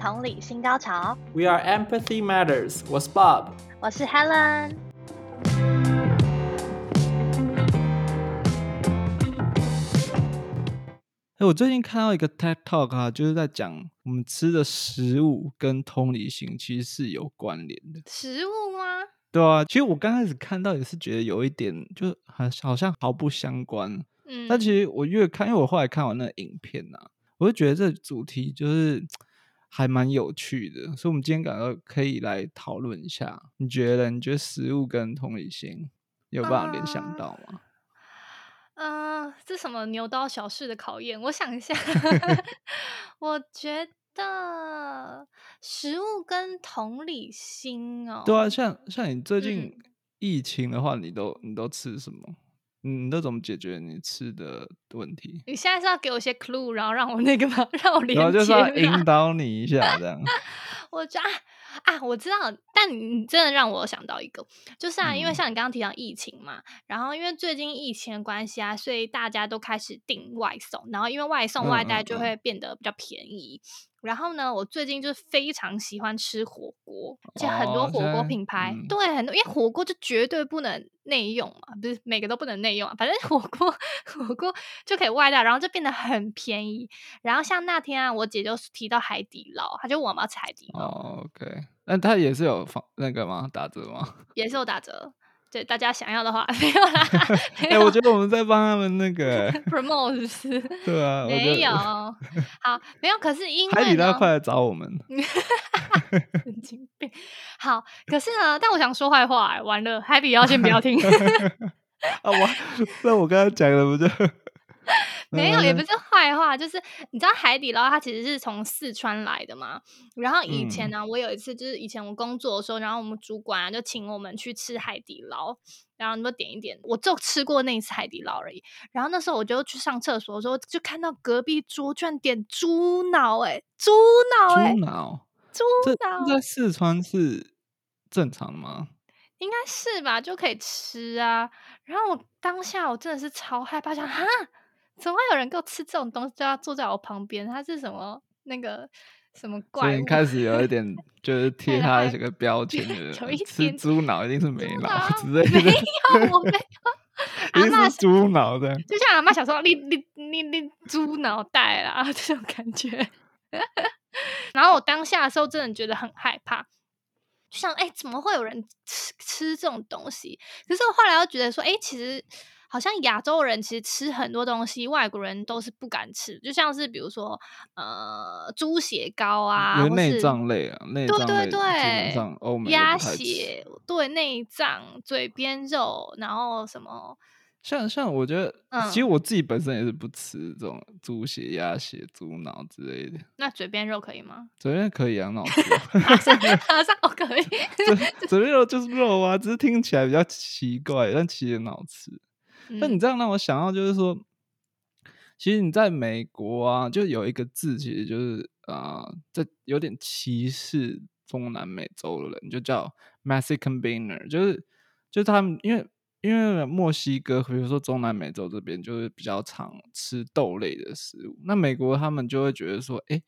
同理漲潮中。We are empathy matters. 我是 Bob。我是 Helen。哎，我最近看到一個 TikTok 啊，就是在講我們吃的食物跟同理心其實是有關聯的。食物嗎？對啊，其實我剛開始看到也是覺得有一點就好像毫不相關。嗯。但其實我越看，因為我後來看完那個影片吶、啊，我就覺得這主題就是。還蠻有趣的，所以我們今天趕快可以來討論一下。你覺得你覺得食物跟同理心有辦法聯想到嗎？嗯、啊呃，這是什麼牛刀小試的考驗？我想一下， 我覺得食物跟同理心哦。對啊，像像你最近疫情的話，你都你都吃什麼？嗯，那怎麼解決你吃的問題？你現在是要給我一些 clue，然後讓我那個嗎， 讓我連接。然後就是引導你一下，這樣。 我覺得啊，啊，我知道，但你真的讓我想到一個，就是啊，因為像你剛剛提到疫情嘛，嗯，然後因為最近疫情的關係啊，所以大家都開始訂外送，然後因為外送外帶就會變得比較便宜。嗯嗯嗯然後呢，我最近就是非常喜歡吃火鍋，哦、而且很多火鍋品牌，嗯、對很多，因為火鍋就絕對不能內用嘛，不是每個都不能內用啊，反正火鍋火鍋就可以外帶，然後就變得很便宜。然後像那天啊，我姐就提到海底撈，她就問我媽要吃海底撈。OK，那她也是有放那個嗎？打折嗎？也是有打折。對，大家想要的話。沒有啦，哎、欸，我覺得我們在幫他們那個 promote 是不是？對啊，沒有，好 沒有，可是因為呢，海底撈快來找我們，神經病，好，可是呢，但我想說壞話，完了，海底撈要先不要聽， 啊，我，那我剛剛講的不就？ 沒有，對對對也不是壞話，就是你知道海底撈它其實是從四川來的嘛。然後以前呢、啊，嗯、我有一次就是以前我工作的時候，然後我們主管啊就請我們去吃海底撈，然後你們點一點，我就吃過那一次海底撈而已。然後那時候我就去上廁所的時候，就看到隔壁桌居然點豬腦、欸，哎、欸，豬腦腦，豬腦腦，豬腦在四川是正常的嗎？應該是吧，就可以吃啊。然後我當下我真的是超害怕，想啊。怎麼會有人夠吃這種東西？就要坐在我旁邊？他是什麼那個什麼怪物？所以開始有一點就是貼他幾個標籤的、就、了、是， 一點吃豬腦一定是沒腦子，沒有我沒有，阿媽豬腦的，就像阿媽小時候，你你你你豬腦袋啦這種感覺。 然後我當下的時候，真的覺得很害怕，想哎，怎麼會有人吃吃這種東西？可是我後來又覺得說，哎其實。好像亞洲人其實吃很多東西，外國人都是不敢吃，就像是比如說，呃，豬血糕啊，內臟類啊，內臟是類、啊，類，對對對，基本上歐美鴨血，對內臟、嘴邊肉，然後什麼？像像我覺得，嗯、其實我自己本身也是不吃這種豬血、鴨血、豬腦之類的。那嘴邊肉可以嗎？嘴邊可以啊，腦子好， 好像好像可以，嘴嘴邊肉就是肉啊，只是聽起來比較奇怪，但其實很好吃。你那你這樣讓我想到，就是說，嗯、其實你在美國啊，就有一個字，其實就是啊，這、呃、有點歧視中南美洲的人，就叫 Mexican Beaner，就是就是他們因為因為墨西哥，比如說中南美洲這邊就是比較常吃豆類的食物，那美國他們就會覺得說，誒、欸，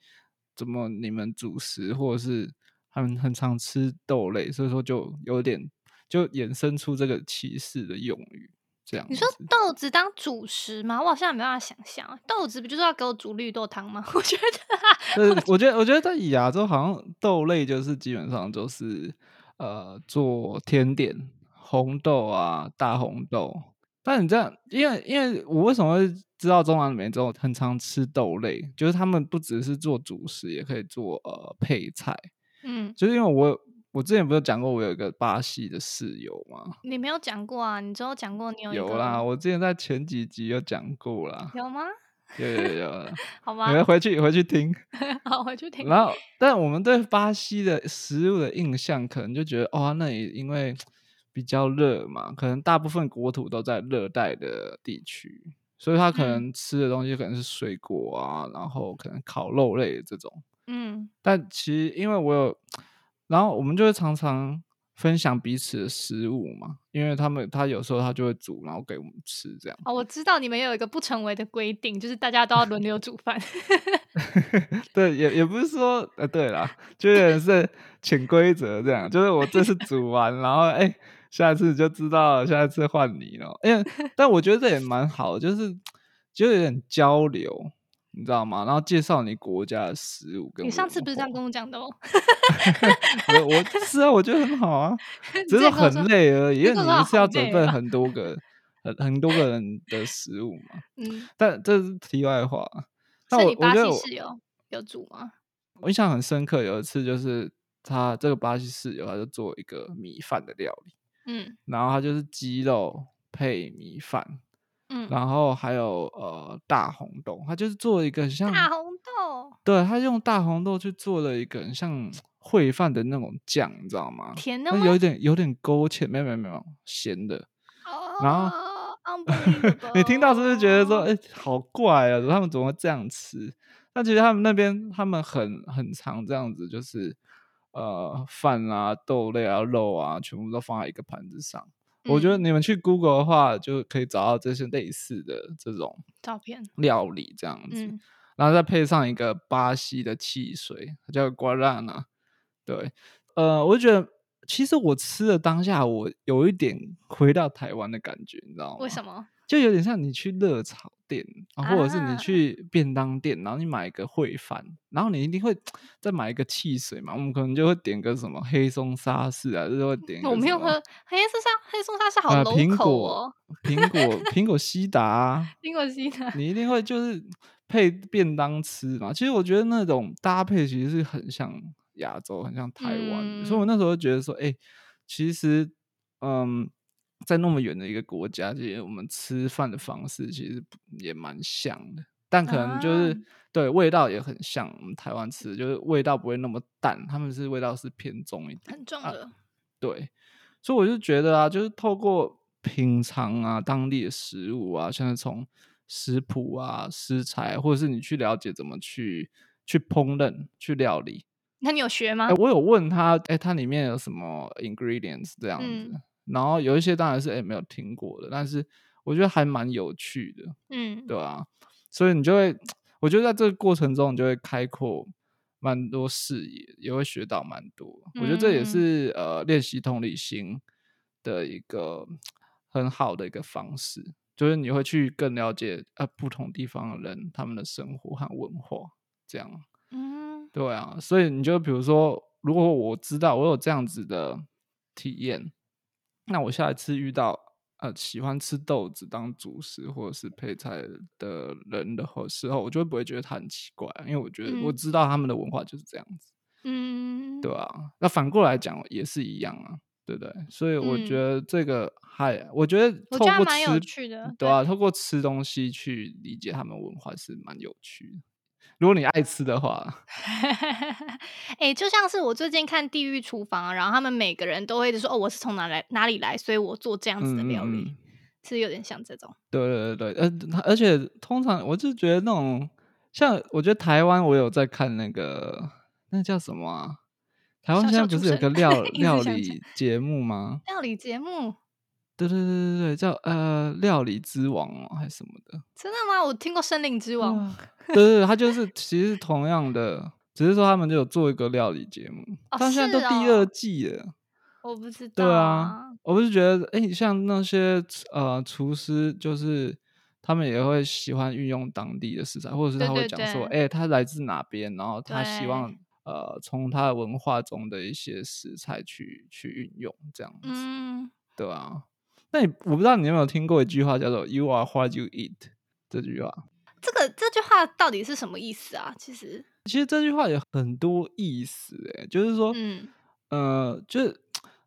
怎麼你們主食或者是他們很常吃豆類，所以說就有點就衍生出這個歧視的用語。這樣你說豆子當主食嗎？我好像也沒辦法想象豆子不就是要給我煮綠豆湯嗎？我覺得、啊我覺得，我覺得，我覺得在亞洲好像豆類就是基本上都、就是呃做甜點，紅豆啊、大紅豆。但你這樣，因為因為我為什麼會知道中南美洲很常吃豆類，就是他們不只是做主食，也可以做呃配菜。嗯，就是因為我。我之前不是講過我有一個巴西的室友嗎？你沒有講過啊？你只有講過你有有啦。我之前在前幾集有講過啦。有嗎？有有有。好嗎？你們回去回去聽。 好，回去聽。然後，但我們對巴西的食物的印象，可能就覺得哇、哦，那裡因為比較熱嘛，可能大部分國土都在熱帶的地區，所以他可能吃的東西可能是水果啊，嗯、然後可能烤肉類的這種。嗯。但其實，因為我有。然後我們就會常常分享彼此的食物嘛，因為他們他有時候他就會煮，然後給我們吃這樣。哦，我知道你們有一個不成文的規定，就是大家都要輪流煮飯。 對，也也不是說，呃，對啦，就有點是潛規則這樣， 就是我這次煮完，然後哎、欸，下次就知道，下次換你了。因、欸、但我覺得這也蠻好的，就是就有點交流。你知道嗎？然後介紹你國家的食物跟我。你上次不是這樣跟我講的哦。我我 是啊，我覺得很好啊，只是很累而已。因為你們是要準備很多個很很多個人的食物嘛。嗯。但這是題外話。是你巴西室友有,有煮嗎？我印象很深刻，有一次就是他這個巴西室友，他就做一個米飯的料理。嗯。然後他就是雞肉配米飯。嗯、然後還有呃大紅豆，他就是做了一個很像大紅豆。對，他用大紅豆去做了一個很像燴飯的那種醬，你知道嗎？甜的，有一點有點勾芡，沒有沒有沒有鹹的。然後、oh, 你聽到是不是覺得說，哎、欸，好怪啊！他們怎麼會這樣吃？那其實他們那邊他們很很常這樣子，就是呃飯啊、豆類啊、肉啊，全部都放在一個盤子上。我覺得你們去 Google 的話，就可以找到這些類似的這種照片、料理這樣子，嗯、然後再配上一個巴西的汽水，叫 Guarana。對，呃，我覺得其實我吃的當下，我有一點回到台灣的感覺，你知道嗎？為什麼？就有點像你去熱炒店啊，或者是你去便當店，然後你買一個燴飯，啊、然後你一定會再買一個汽水嘛。我們可能就會點個什麼黑松沙士啊，就是會點個。我沒有喝黑松沙，黑松沙士好，喔，好濃口哦。蘋果蘋果蘋果西打、啊，蘋 果西打，你一定會就是配便當吃嘛。其實我覺得那種搭配其實是很像亞洲，很像台灣。嗯、所以我那時候覺得說，哎、欸，其實，嗯。在那麼遠的一個國家，我們吃飯的方式其實也蠻像的，但可能就是、啊、對味道也很像。我們台灣吃就是味道不會那麼淡，他們是味道是偏重一點，很重的、啊。對，所以我就覺得啊，就是透過品嘗啊，當地的食物啊，像是從食譜啊、食材，或者是你去了解怎麼去去烹飪、去料理。那你有學嗎？欸、我有問他，哎、欸，它裡面有什麼 ingredients 這樣子？嗯然後有一些當然是哎沒有聽過的，但是我覺得還蠻有趣的，嗯，對吧，啊，所以你就會，我覺得在這個過程中，你就會開闊蠻多視野，也會學到蠻多。嗯嗯，我覺得這也是呃練習同理心的一個很好的一個方式，就是你會去更了解啊、呃，不同地方的人他們的生活和文化，這樣，嗯，對啊。所以你就比如說，如果我知道我有這樣子的體驗。那我下一次遇到呃喜歡吃豆子當主食或者是配菜的人的時候，我就會不會覺得他很奇怪，因為我覺得我知道他們的文化就是這樣子，嗯，對啊，那反過來講也是一樣啊，對不對，對？所以我覺得這個還、嗯、我覺得透過吃，蠻有趣的對啊，對透過吃東西去理解他們文化是蠻有趣的。如果你愛吃的話，哎、 欸，就像是我最近看《地獄廚房》，然後他們每個人都會說：“哦，我是從哪來哪裡來，所以我做這樣子的料理，嗯嗯嗯是有點像這種。”對對對對，呃、而且通常我就覺得那種像，我覺得台灣我有在看那個，那叫什麼、啊？台灣現在不是有個料笑笑 料理節目嗎？料理節目。對對對對對，叫呃料理之王哦，還是什麼的？真的嗎？我聽過森林之王。嗯、對，對對，他就是其實同樣的， 只是說他們就有做一個料理節目。他、哦、現在都第二季了。哦啊、我不知道。對啊，我不是覺得哎、欸，像那些呃廚師，就是他們也會喜歡運用當地的食材，或者是他會講說哎、欸，他來自哪邊，然後他希望對呃從他的文化中的一些食材去去運用這樣子。嗯，對啊。那你我不知道你有沒有聽過一句話叫做 “You are what you eat” 這句話，這個這句話到底是什麼意思啊？其實，其實這句話有很多意思、欸，哎，就是說，嗯，呃，就是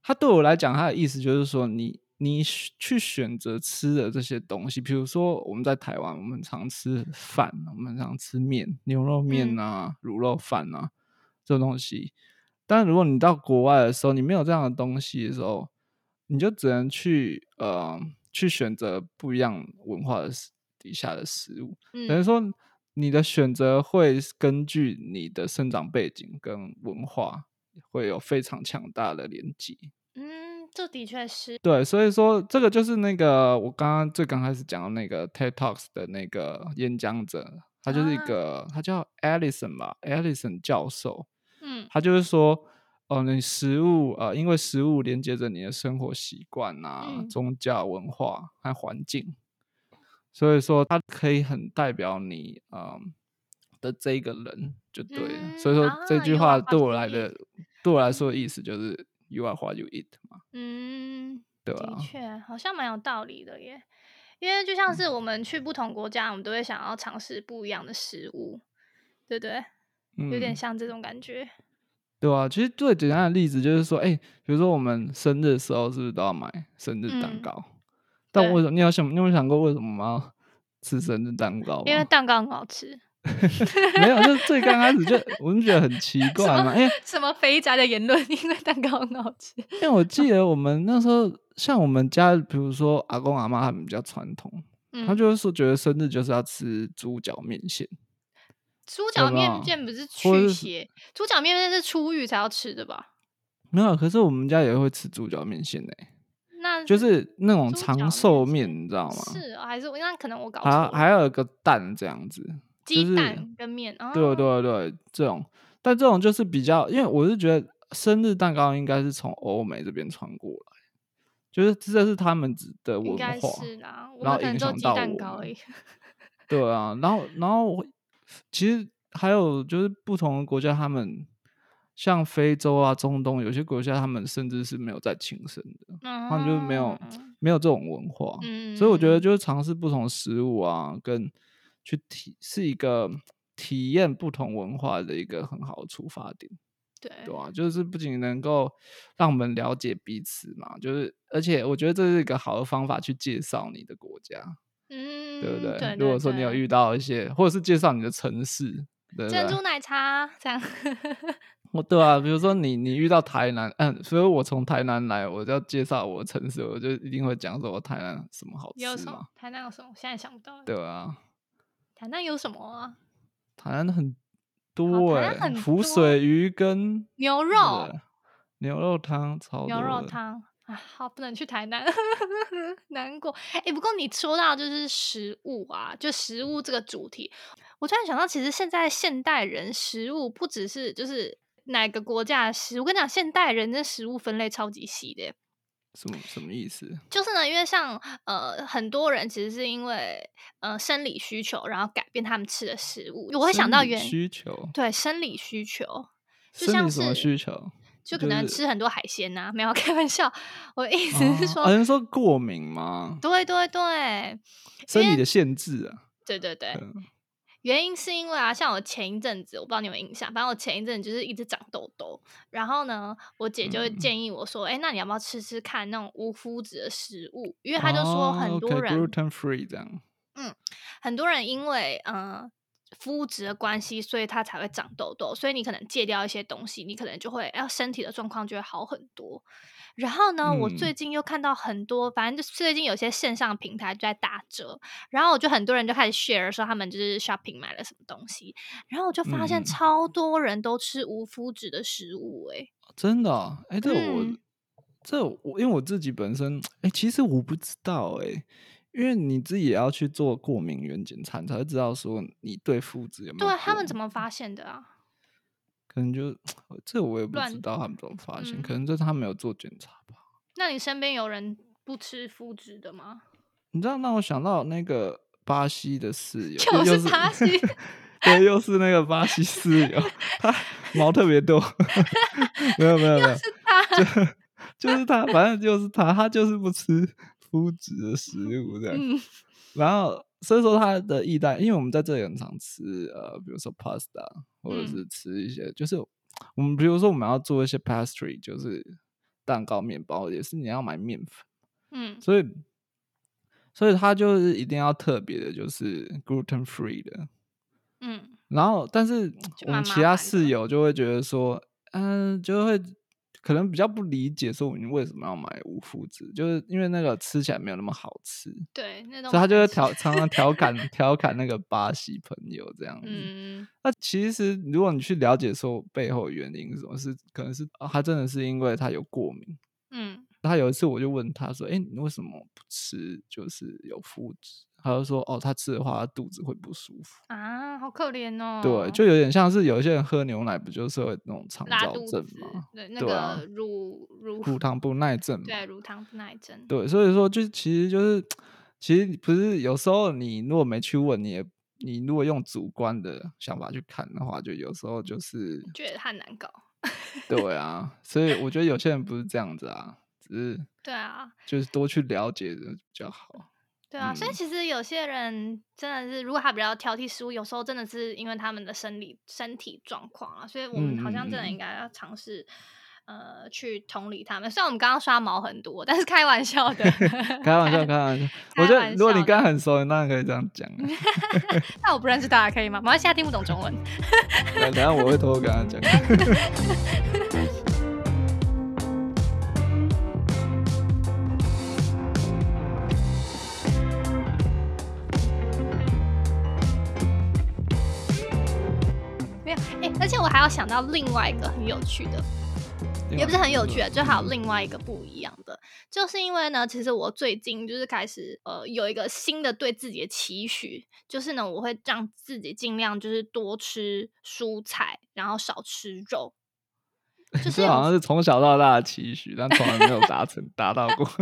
他對我來講，他的意思就是說你，你你去選擇吃的這些東西，比如說我們在台灣，我們常吃飯，我們常吃麵，牛肉麵啊，滷肉飯啊、嗯、這種東西，但如果你到國外的時候，你沒有這樣的東西的時候。你就只能去呃，去選擇不一樣文化的是底下的食物，嗯、等於說你的選擇會根據你的生長背景跟文化會有非常強大的連接。嗯，這的確是。對，所以說這個就是那個我剛剛最剛開始講的那個 TED Talks 的那個演講者，他就是一個、啊、他叫 Alison 吧、啊、Alison 教授。嗯，他就是說。哦，你食物啊、呃，因為食物連接着你的生活習慣吶、嗯、宗教、文化還環境，所以說它可以很代表你啊、呃、的這一個人，就對。嗯、所以說這句話對我來的，嗯、對我來說的意思就是、嗯、“you are what you eat” 嘛嗯，對、啊、的確好像蠻有道理的耶。因為就像是我們去不同國家，嗯、我們都會想要嘗試不一樣的食物，對不對？嗯、有點像這種感覺。對啊，其實最簡單的例子就是說，誒、欸、比如說我們生日的時候是不是都要買生日蛋糕？嗯、但為什麼？對你有想你有沒有想過為什麼嗎？吃生日蛋糕？因為蛋糕很好吃。 沒有，就最剛開始就 我就覺得很奇怪嘛。欸、什麼肥宅的言論？因為蛋糕很好吃。因為我記得我們那時候，像我們家，比如說阿公阿媽他們比較傳統，嗯、他就是說覺得生日就是要吃豬腳麵線。豬腳麵線不是驅邪，豬腳麵線是出獄才要吃的吧？沒有，可是我們家也會吃豬腳麵線誒、欸。那是就是那種長壽麵，你知道嗎？是、啊，還是那可能我搞錯。還有一個蛋這樣子，雞蛋跟麵。就是、對，對對對，啊、這種，但這種就是比較，因為我是覺得生日蛋糕應該是從歐美這邊傳過來，就是這是他們的文化。應該是啦，我可能雞蛋糕欸、然後影響到我。對啊，然後然後我。其實還有就是不同的國家，他們像非洲啊、中東有些國家，他們甚至是沒有在慶生的，啊、他們就沒有沒有這種文化。嗯、所以我覺得就是嘗試不同食物啊，跟去體是一個體驗不同文化的一個很好的出發點，對對、啊、就是不僅能夠讓我們了解彼此嘛，就是而且我覺得這是一個好的方法去介紹你的國家。對不對？嗯、對對對，如果說你有遇到一些，或者是介紹你的城市，對對珍珠奶茶這樣， 我對啊，比如說你你遇到台南，嗯、哎，所以我從台南來，我就要介紹我城市，我就一定會講說台南什麼好吃嘛？台南有什麼？現在想不到。對啊，台南有什麼啊？台南很多哎，浮水魚跟牛肉、啊，牛肉湯，炒牛肉湯。啊，好，不能去台南，呵呵呵，難過。哎、欸，不過你說到就是食物啊，就食物這個主題，我突然想到，其實現在現代人食物不只是就是哪個國家的食物，我跟你講，現代人的食物分類超級細的。什麼，什麼意思？就是呢，因為像呃很多人其實是因為呃生理需求，然後改變他們吃的食物。我會想到原需求，對生理需求，就像是什麼需求？就可能吃很多海鮮吶、啊，就是，沒有開玩笑。我意思是說，好像，啊啊、說過敏嗎？對對對，身體的限制啊。對對對，嗯、原因是因為啊，像我前一陣子，我不知道你們有沒有印象，反正我前一陣子就是一直長痘痘。然後呢，我姐就會建議我說：“哎、嗯欸，那你要不要吃吃看那種無麩質的食物？”因為他就說很多人 gluten free 這樣。嗯，很多人因為嗯。呃麩質的關係，所以它才會長痘痘。所以你可能戒掉一些東西，你可能就會，要身體的狀況就會好很多。然後呢，嗯、我最近又看到很多，反正就最近有些線上平台就在打折，然後我就很多人就開始 share 說他們就是 shopping 買了什麼東西，然後我就發現超多人都吃無麩質的食物、欸，哎，真的、啊，哎，這我，這我，因為我自己本身，哎，其實我不知道、欸，哎。因為你自己也要去做過敏原檢查，才會知道說你對麩質有、沒有？有。對啊，他們怎麼發現的啊？可能就這，我也不知道亂他們怎麼發現。可能就是他沒有做檢查吧。嗯、那你身邊有人不吃麩質的嗎？你知道，讓我想到那個巴西的室友，就是巴西，是 對，又是那個巴西室友， 他毛特別多 沒，沒有沒有沒有，是他就，就是他，反正就是他，他就是不吃麩質的食物這樣，嗯、然後所以說他的意大利，因為我們在這裡很常吃呃，比如說 pasta 或者是吃一些，嗯、就是我們比如說我們要做一些 pastry，就是蛋糕、麵包，也是你要買麵粉，嗯，所，所以所以他就是一定要特別的，就是 gluten free 的，嗯，然後但是我們其他室友就會覺得說，嗯、呃，就會。可能比較不理解說，你為什麼要買無麩質，就是因為那個吃起來沒有那麼好吃。對，那所以他就會調常常調侃調 侃那個巴西朋友這樣子。嗯，那其實如果你去了解說背後原因，什麼是可能是，哦，他真的是因為他有過敏。嗯，他有一次我就問他說：“哎，欸，你為什麼不吃就是有麩質？”他就說：“哦，他吃的話，他肚子會不舒服啊，好可憐哦。”對，就有點像是有一些人喝牛奶，不就是會那種腸躁症嗎？拉肚子？對，那個、啊、乳乳乳糖不耐症。對，乳糖不耐症。對，所以說，就是其實就是其實不是，有時候你如果沒去問，你也你如果用主觀的想法去看的話，就有時候就是覺得他難搞。 對啊，所以我覺得有些人不是這樣子啊，嗯、只是對啊，就是多去了解就比較好。對啊，嗯、所以其實有些人真的是，如果他比較挑剔食物，有時候真的是因為他們的生理身體狀況啊，所以我們好像真的應該要嘗試、嗯嗯嗯、呃去同理他們。雖然我們剛剛刷毛很多，但是開玩笑的， 開玩笑，開，開玩笑。我覺得如果你剛剛很熟，你當然可以這樣講。 那我不認識大家可以嗎？馬來西亞聽不懂中文。 等下我會偷偷跟他講。 而且我還要想到另外一個很有趣的，啊、也不是很有趣的，啊、就還有另外一個不一樣的，啊、就是因為呢，其實我最近就是開始呃有一個新的對自己的期許，就是呢我會讓自己儘量就是多吃蔬菜，然後少吃肉。就是好像是從小到大的期許，但從來沒有達成達 到過。不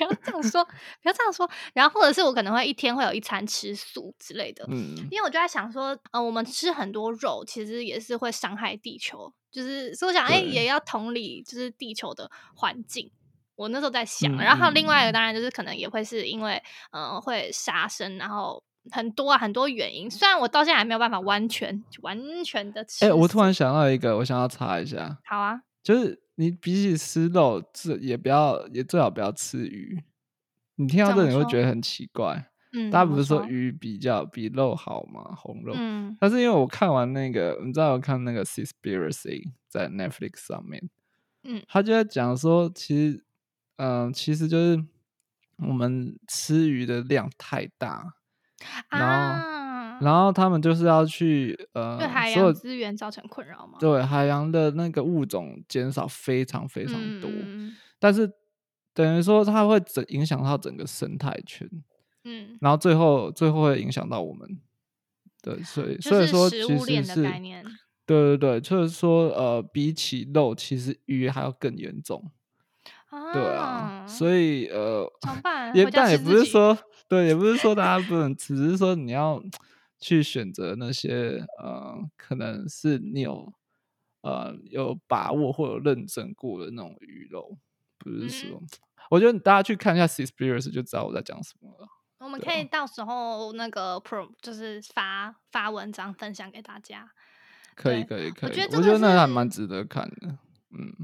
要 這樣說，不要這樣說。然後或者是我可能會一天會有一餐吃素之類的。嗯、因為我就在想說，嗯、呃，我們吃很多肉，其實也是會傷害地球。就是所以我想，哎、欸，對也要同理，就是地球的環境。我那時候在想，嗯、然後另外一個當然就是可能也會是因為，嗯、呃，會殺生，然後。很多、啊、很多原因，雖然我到現在還沒有辦法完全完全的吃……吃。哎，我突然想到一個，我想要查一下。好啊，就是你比起吃肉，這也不要也最好不要吃魚。你聽到這你會覺得很奇怪，嗯，大家不是說魚比較比肉好嗎？紅肉，嗯，但是因為我看完那個，你知道我看那個《Seaspiracy》在 Netflix 上面，嗯，他就在講說，其實，嗯、呃，其實就是我們吃魚的量太大。啊、然後，然後他們就是要去呃，對海洋資源造成困擾嗎？對，海洋的那個物種減少非常非常多，嗯、但是等於說它會整影響到整個生態圈，嗯，然後最後最後會影響到我們，對，所以就所以說其實是對對對，就是說呃，比起肉，其實魚還要更嚴重，啊，對啊，所以呃，也但也不是說。 對，也不是說大家不能，只是說你要去選擇那些呃，可能是你有呃有把握或有認真過的那種魚肉，不是說。嗯、我覺得大家去看一下、Seaspiracy 就知道我在講什麼了。我們可以到時候那個 Pro 就是發發文章分享給大家。可以可以可以，我覺得我覺得那還蠻值得看的。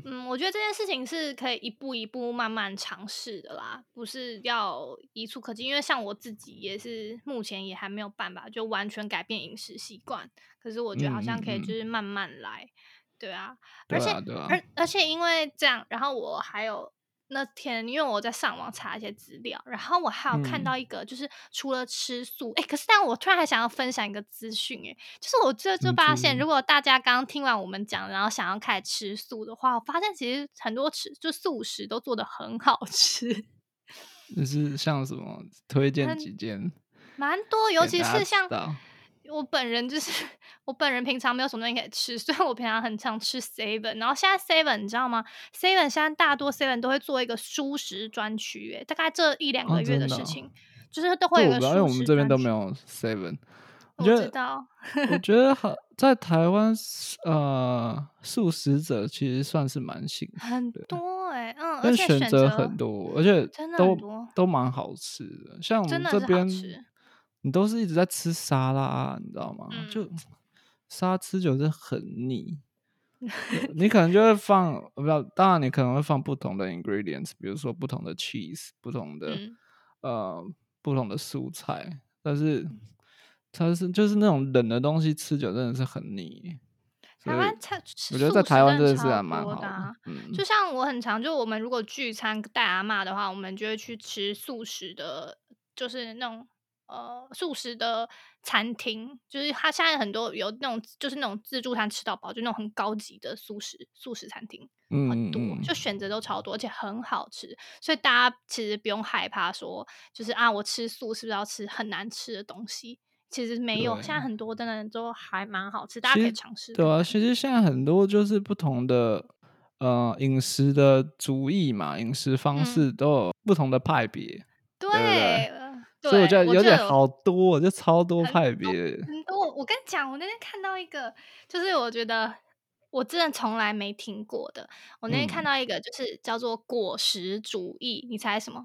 嗯，我覺得這件事情是可以一步一步慢慢嘗試的啦，不是要一蹴可幾。因為像我自己也是，目前也還沒有辦法就完全改變飲食習慣。可是我覺得好像可以，就是慢慢來，嗯嗯嗯對啊。而且，對啊，對啊、而而且因為這樣，然後我還有。那天因為我在上網查一些資料，然後我還有看到一個，就是除了吃素，哎、嗯，可是但我突然還想要分享一個資訊，哎，就是我這就發現，如果大家剛剛聽完我們講，嗯、然後想要開始吃素的話，我發現其實很多吃就素食都做得很好吃。就是像什麼？推薦幾件？蠻，蠻多，尤其是像。我本人就是，我本人平常沒有什麼東西可以吃，所以，我平常很常吃 seven。然後現在 seven，你知道嗎？seven 現在大多 seven 都會做一個素食專區，大概這一兩個月的事情，啊啊、就是都會有一個素食，我、我、我、我知道，我們這邊都沒有 seven。我知道，我覺得好在台灣，呃，素食者其實算是蠻幸運，很多哎、欸，嗯，選而且選擇很多，而且都真的都蠻好吃的，像我們這邊。你都是一直在吃沙拉，啊，你知道嗎？嗯、就沙吃久是很膩， 你可能就會放，我不知道，當然你可能會放不同的 ingredients，比如說不同的 cheese，不同的、嗯、呃不同的素菜，但是它是就是那種冷的東西吃久真的是很膩。台灣菜，我覺得在台灣真的是還蠻好的，嗯的，就像我很常就我們如果聚餐帶阿媽的話，我們就會去吃素食的，就是那種。呃，素食的餐廳就是它，現在很多有那種，就是那種自助餐吃到飽，就那種很高級的素食素食餐廳，很多，嗯嗯、就選擇都超多，而且很好吃，所以大家其實不用害怕說，就是啊，我吃素是不是要吃很難吃的東西？其實沒有，對現在很多的人都還蠻好吃的，實大家可以嘗試。對啊，其實現在很多就是不同的呃飲食的主義嘛，飲食方式都有不同的派別，嗯、對，對。對所以我覺得有點好多，多就超多派別。我我跟你講，我那天看到一個，就是我覺得我真的從來沒聽過的。我那天看到一個，就是叫做果實主義。嗯，你猜什麼？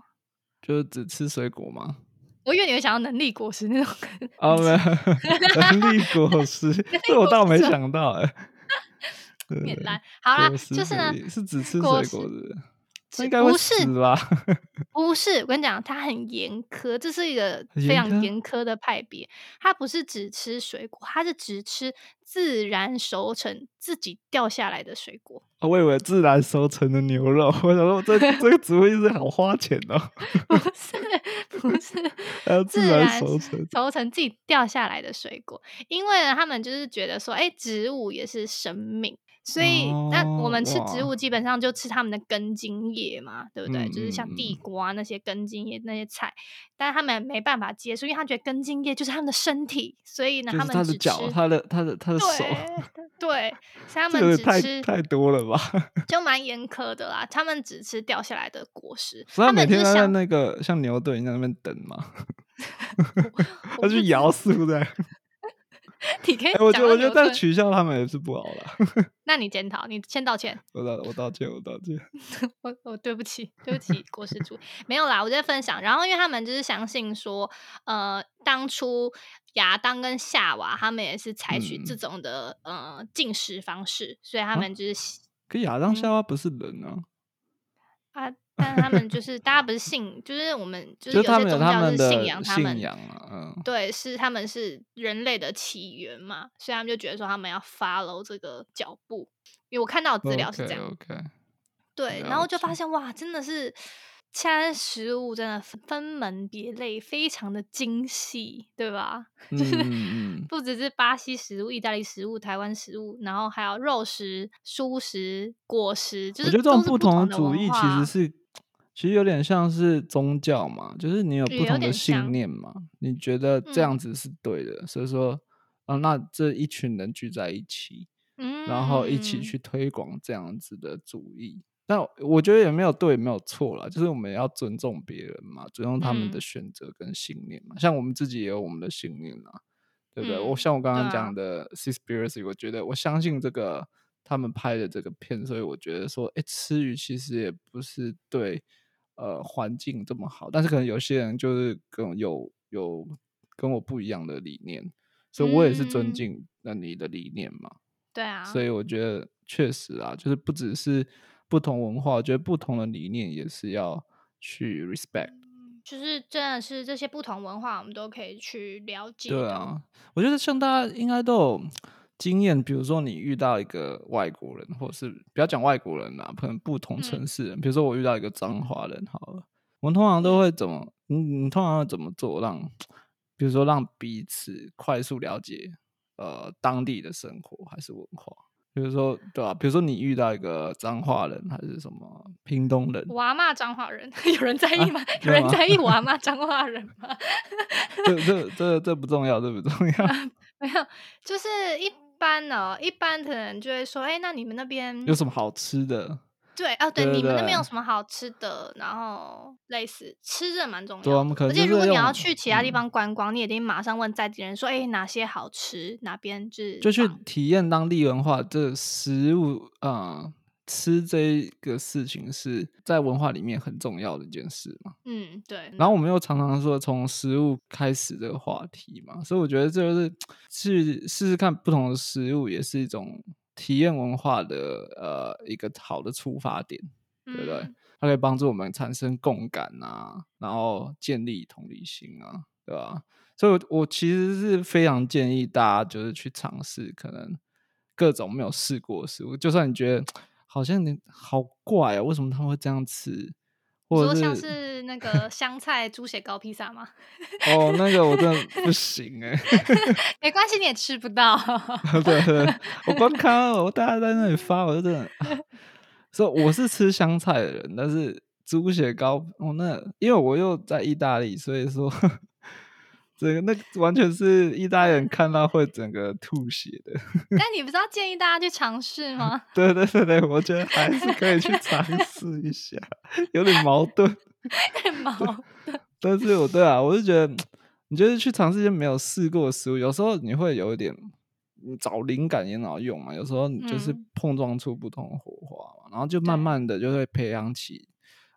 就是只吃水果嗎？我以為你會想到能力果實那種。Oh, no, 能力果實， 這我倒沒想到。單。 好啦，就是呢，是只吃水果的。果應該不是不是，我跟你講，它很嚴苛，這是一個非常嚴苛的派別。它不是只吃水果，它是只吃自然熟成、自己掉下來的水果。我以為自然熟成的牛肉，我想說這這個職位是好花錢的、喔、 不是，不是，自然熟成、熟成自己掉下來的水果，因為呢他們就是覺得說，哎、欸，植物也是生命。所以，那我們吃植物基本上就吃他們的根莖葉嘛，哇對不對？就是像地瓜、啊、那些根莖葉那些菜，嗯、但是他們沒辦法接受，因為他覺得根莖葉就是他們的身體，所以呢，他們只吃他的腳、他的他的他的手，對，所以他們只吃太。太多了吧？就蠻嚴苛的啦，他們只吃掉下來的果實。他們每天在那個像牛頓在那邊等嘛，他去搖乎在。欸、我覺得我覺得但取笑他們也是不好了。那你檢討，你先道歉。我道，我道歉，我道歉。 我，我對不起，對不起，郭事主 沒有啦。我在分享，然後因為他們就是相信說，呃，當初亞當跟夏娃他們也是採取這種的、嗯、呃進食方式，所以他們就是。啊、可亞當夏娃不是人啊？嗯、啊。 但是他們就是大家不是信，就是我們就是有些宗教是信仰他們，信仰啊，們嗯、對，是他們是人類的起源嘛，所以他們就覺得說他們要 follow 這個腳步，因為我看到資料是這樣，OK，okay，對，然後就發現哇，真的是，現在食物真的分門別類，非常的精細，對吧？就是、嗯、 不只是巴西食物、意大利食物、台灣食物，然後還有肉食、蔬食、果實，就是我覺得這種不同的主義其實是。其實有點像是宗教嘛，就是你有不同的信念嘛，你覺得這樣子是對的，嗯、所以說，啊，那這一群人聚在一起，嗯、然後一起去推廣這樣子的主義，嗯、但我覺得也沒有對，沒有錯啦，就是我們要尊重別人嘛，尊重他們的選擇跟信念嘛，嗯、像我們自己也有我們的信念啦，對不對？嗯、我像我剛剛講的、Seaspiracy，我覺得我相信這個他們拍的這個片，所以我覺得說，哎、欸，吃魚其實也不是對。呃，環境這麼好，但是可能有些人就是有有跟我不一樣的理念，所以我也是尊敬那你的理念嘛。嗯，對啊，所以我覺得確實啊，就是不只是不同文化，我覺得不同的理念也是要去 respect。就是真的是這些不同文化，我們都可以去了解。對啊，我覺得像大家應該都有。經驗，比如說你遇到一個外國人，或是不要講外國人啦，可能不同城市人，嗯、比如說我遇到一個彰化人好了，我們通常都會怎麼，嗯，嗯，通常會怎麼做讓，比如說讓彼此快速了解，呃，當地的生活還是文化，比如說對吧，啊，比如說你遇到一個彰化人還是什麼屏東人，我罵、啊、彰化人，有人在意嗎？啊、嗎有人在意我罵、啊、彰化人嗎？ 這這這這不重要，這不重要，啊、沒有，就是一。一般呢、喔，一般的人就會說，哎、欸，那你們那邊有什麼好吃的？對啊，對，對對對，你們那邊有什麼好吃的？然後類似吃着蠻重要的，啊、而且如果你要去其他地方觀光，嗯、你也得馬上問在地人說，哎、欸，哪些好吃？哪邊就是、啊、就去體驗當地文化這個、食物啊。嗯吃這個事情是在文化裡面很重要的一件事嘛。嗯，對。然後我們又常常說從食物開始這個話題嘛，所以我覺得這就是去試試看不同的食物，也是一種體驗文化的呃一個好的出發點，嗯、對不對？它可以幫助我們產生共感啊，然後建立同理心啊，對吧、啊？所以我，我其實是非常建議大家就是去嘗試可能各種沒有試過的食物，就算你覺得。好像你好怪啊、喔！為什麼他們會這樣吃？我說像是那個香菜豬血糕披薩嗎？ 哦，那個我真的不行哎、欸。 沒關係，你也吃不到。 對，對對，我剛看到，我大家在那裡發，我就真的說 我是吃香菜的人，但是豬血糕，哦，那個、因為我又在意大利，所以說。 這個那個完全是意大利人看到會整個吐血的。但你不是要建議大家去嘗試嗎？ 對對對對，我覺得還是可以去嘗試一下， 有點矛盾。有點 矛盾。 但是我對啊，我是覺得，你就是去嘗試一些沒有試過的食物，有時候你會有一點找靈感也好用嘛。有時候你就是碰撞出不同火花嘛，嗯、然後就慢慢的就會培養起，對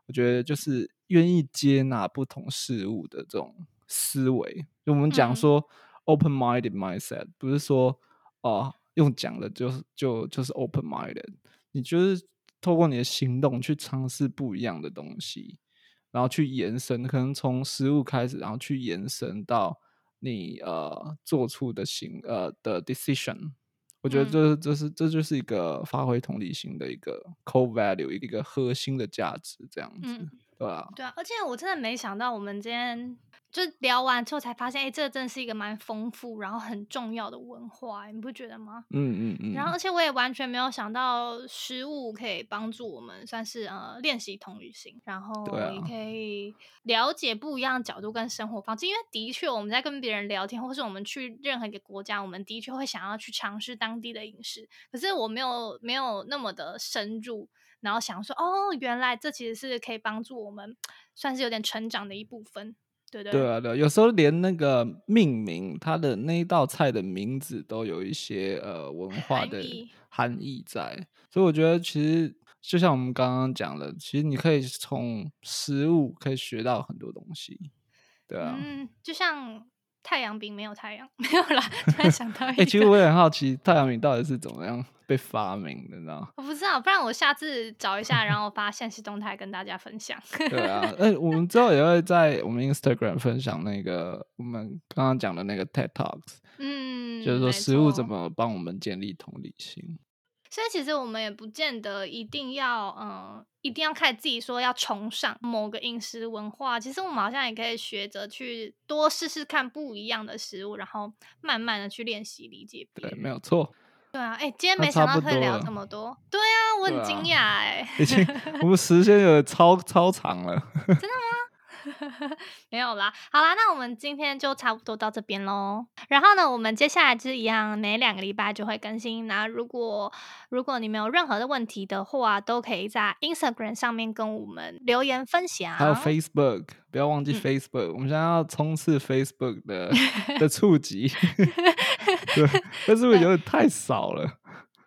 我覺得就是願意接納不同事物的這種。思維，就我們講說，open-minded mindset，、嗯、不是說哦、呃、用講的就就，就是就就是 open-minded。你就是透過你的行動去嘗試不一樣的東西，然後去延伸，可能從食物開始，然後去延伸到你呃做出的行呃的 decision。我覺得這這、嗯，就是這就是一個發揮同理心的一個 co-value，一個核心的價值，這樣子，對吧、嗯？對啊，而且我真的沒想到，我們今天。就聊完之後才發現，哎、欸，這真是一個蠻豐富，然後很重要的文化、欸，你不覺得嗎？嗯嗯嗯。嗯嗯然後，而且我也完全沒有想到，食物可以幫助我們算是呃練習同理心，然後你可以了解不一樣角度跟生活方式。啊、因為的確我們在跟別人聊天，或是我們去任何一個國家，我們的確會想要去嘗試當地的飲食。可是我沒有沒有那麼的深入，然後想說，哦，原來這其實是可以幫助我們算是有點成長的一部分。對，對，對，對啊，對，有時候連那個命名，它的那一道菜的名字都有一些呃文化的含義在，所以我覺得其實就像我們剛剛講的，其實你可以從食物可以學到很多東西，對啊，嗯，就像。太陽餅沒有太陽，沒有啦！突然想到一個、 欸、其實我也很好奇，太陽餅到底是怎麼樣被發明的呢？你知道嗎？我不知道，不然我下次找一下， 然後把限時動態跟大家分享。對啊、欸，我們之後也會在我們 Instagram 分享那個 我們剛剛講的那個 TED Talks，嗯，就是說食物怎麼幫我們建立同理心。嗯所以其實我們也不見得一定要，嗯，一定要看自己說要崇尚某個飲食文化。其實我們好像也可以學着去多試試看不一樣的食物，然後慢慢的去練習理解。對，沒有錯。對啊，哎，今天沒想到會聊這麼多。對啊，我很驚訝哎、欸。已經，我們時間有超 超長了。真的嗎？ 沒有啦，好啦，那我們今天就差不多到這邊嘍。然後呢，我們接下來就是一樣，每兩個禮拜就會更新。那如果如果你沒有任何的問題的話，都可以在 Instagram 上面跟我們留言分享。還有 Facebook，不要忘記 Facebook，、嗯、我們現在要衝刺 Facebook 的 的觸及。 對， 但是不是有點太少了？